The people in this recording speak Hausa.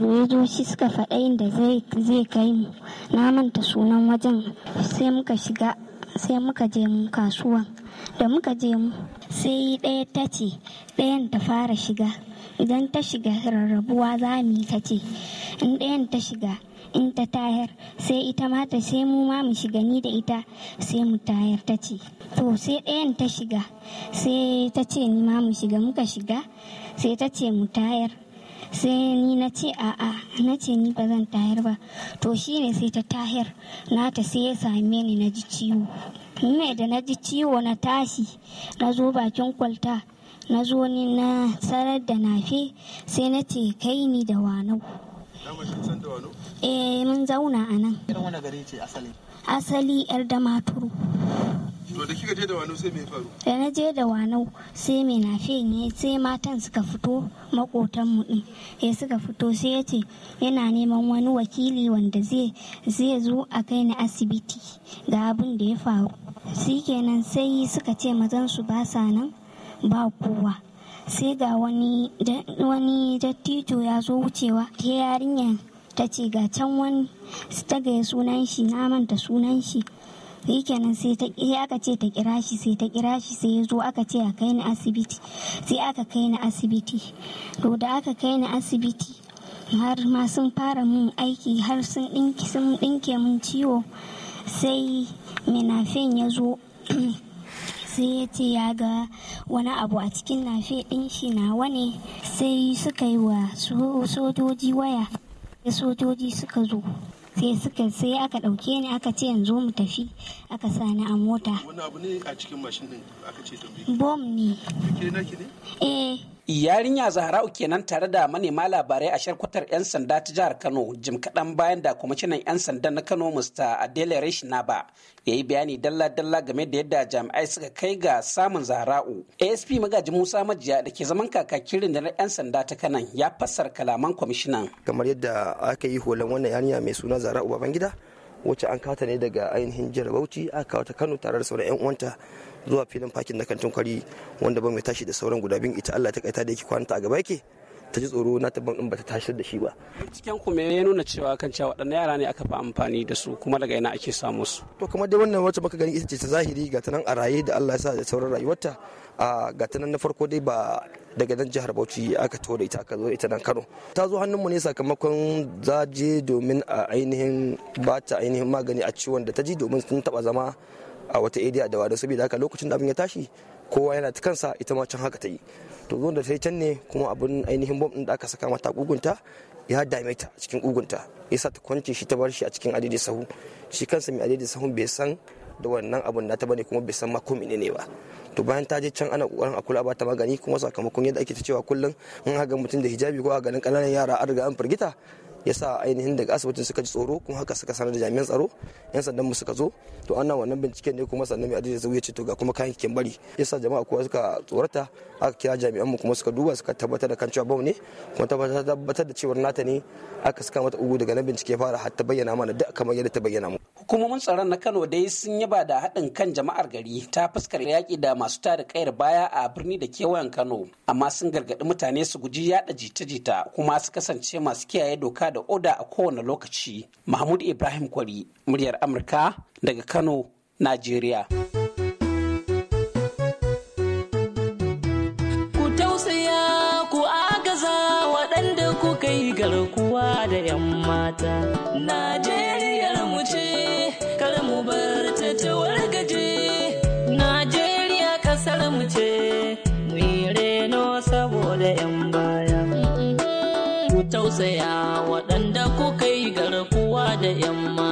ya shi suka faɗa inda zai kai mu na manta sunan wajen sai muka shiga sai muka je mu kasuwan da muka je mu sai ɗaya ta ce ɗayan ta fara shiga idan ta shiga rarrabuwa za mu yi ta ce in ɗayan ta shiga in ta tayar sai ita ma ta sai mu ma mu shiga ni da ita sai mu tayar ta ce to sai ɗayan ta shiga sai ta ce ni ma mu shiga muka shiga sai ta ce mu tayar sai ni na ce a'a na ce ni ba zan tayar ba to shine sai ta tayar nata sai ya same ni na ji ciwo ne da na ji ciwo na tashi na zo bakin kwalta na zo ni na sarar da nafe sai na ce kai ni da wanau eh mun zauna a nan asali yar da damaturu To da kika je da wano sai me na je da sai me na ne sai matan suka fito makotan mu din. Ya eh, suka fito sai ya ce yana neman wani wakili wanda zai zai zo a kai ni asibiti ga abin da ya faru. kenan sai suka ce mazan su ba sa nan ba kowa. Sai ga wani dattijo ya zo wucewa ta yarinya ta ce ga can wani ta ga sunan shi na manta sunan shi shi kenan sai ta aka ce ta kira shi sai ta kira shi sai ya zo aka ce a kai ni asibiti sai aka kai ni asibiti to da aka kai ni asibiti har ma sun fara min aiki har sun dinki sun dinke min ciwo sai minafin ya zo sai ya ce ya ga wani abu a cikin nafe din shi nawa ne sai suka yi wa sojoji waya sojoji suka zo sai suka sai aka ɗauke ni aka ce yanzu mu tafi aka sa ni a mota wani abu ne a cikin mashin din aka ce bom ne eh yarinya zahra'u kenan tare da manema labarai a sharkwatar 'yan sanda ta jihar kano jim kaɗan bayan da kwamishinan 'yan sanda na kano mr adele ba ya yi bayani dalla-dalla game da yadda jami'ai suka kai ga samun zahra'u asp magaji musa majiya da ke zaman kakakin rundunar 'yan sanda ta kanan ya fassara kalaman kwamishinan kamar yadda aka yi holan wannan yarinya mai suna zahra'u babangida wacce an kawata ne daga ainihin jihar bauchi aka kawata kano tare da sauran 'yan uwanta zuwa filin fakin na kantin kwari wanda ba mai tashi da sauran guda biyun ita allah ta kaita da yake kwanta a gaba yake ta ji tsoro na taban in ta tashi da shi ba cikin ku ya nuna cewa kan cewa waɗanne yara ne aka fi amfani da su kuma daga ina ake samu su to kamar dai wannan wacce muka gani ita ce ta zahiri ga ta nan a raye da Allah ya sa da sauran rayuwarta a ah, ga ta nan na farko dai ba daga nan jihar Bauchi aka taho da ita aka zo ita nan Kano ta zo hannunmu ne sakamakon zaje domin a ainihin ba ta ainihin magani a ciwon da ta ji domin sun taba zama a wata area da bi saboda haka lokacin da abin ya tashi kowa yana ta kansa ita ma can haka ta yi to zo da ta yi can ne kuma abin ainihin bom din da aka saka mata gugunta ya dame ta cikin kugunta yasa ta kwance shi ta bar shi a cikin adidi sahu shi kansa mai adidi sahun bai san da wannan abun nata bane kuma bai san ma ko menene ba to bayan ta je can ana kokarin a kula ba ta magani kuma sakamakon yadda ake ta cewa kullum in haga mutum da hijabi ko a ganin kananan yara an riga an firgita ya sa ainihin daga asibitin suka ji tsoro kuma haka suka sanar da jami'an tsaro yan sandan mu suka zo to ana wannan binciken ne kuma sannan mai da zai ce to ga kuma kayan kikin bari yasa jama'a kowa suka tsorata aka kira jami'an mu kuma suka duba suka tabbatar da kan cewa bau ne kuma tabbatar da cewar nata ne aka saka mata ugu daga nan bincike fara har ta bayyana mana duk kamar yadda ta bayyana mu hukumomin tsaron na kano dai sun yaba da haɗin kan jama'ar gari ta fuskar yaƙi da masu tada kayar baya a birni da kewayen kano amma sun gargaɗi mutane su guji yaɗa jita-jita kuma su kasance masu kiyaye doka da oda a kowane lokaci mahmud ibrahim kwari muryar amurka daga kano najeriya ku tausaya ku agaza waɗanda kuka garkuwa da 'yan mata najeriya da 'yan baya. Ku tausaya waɗanda kuka yi garkuwa da 'yan ma.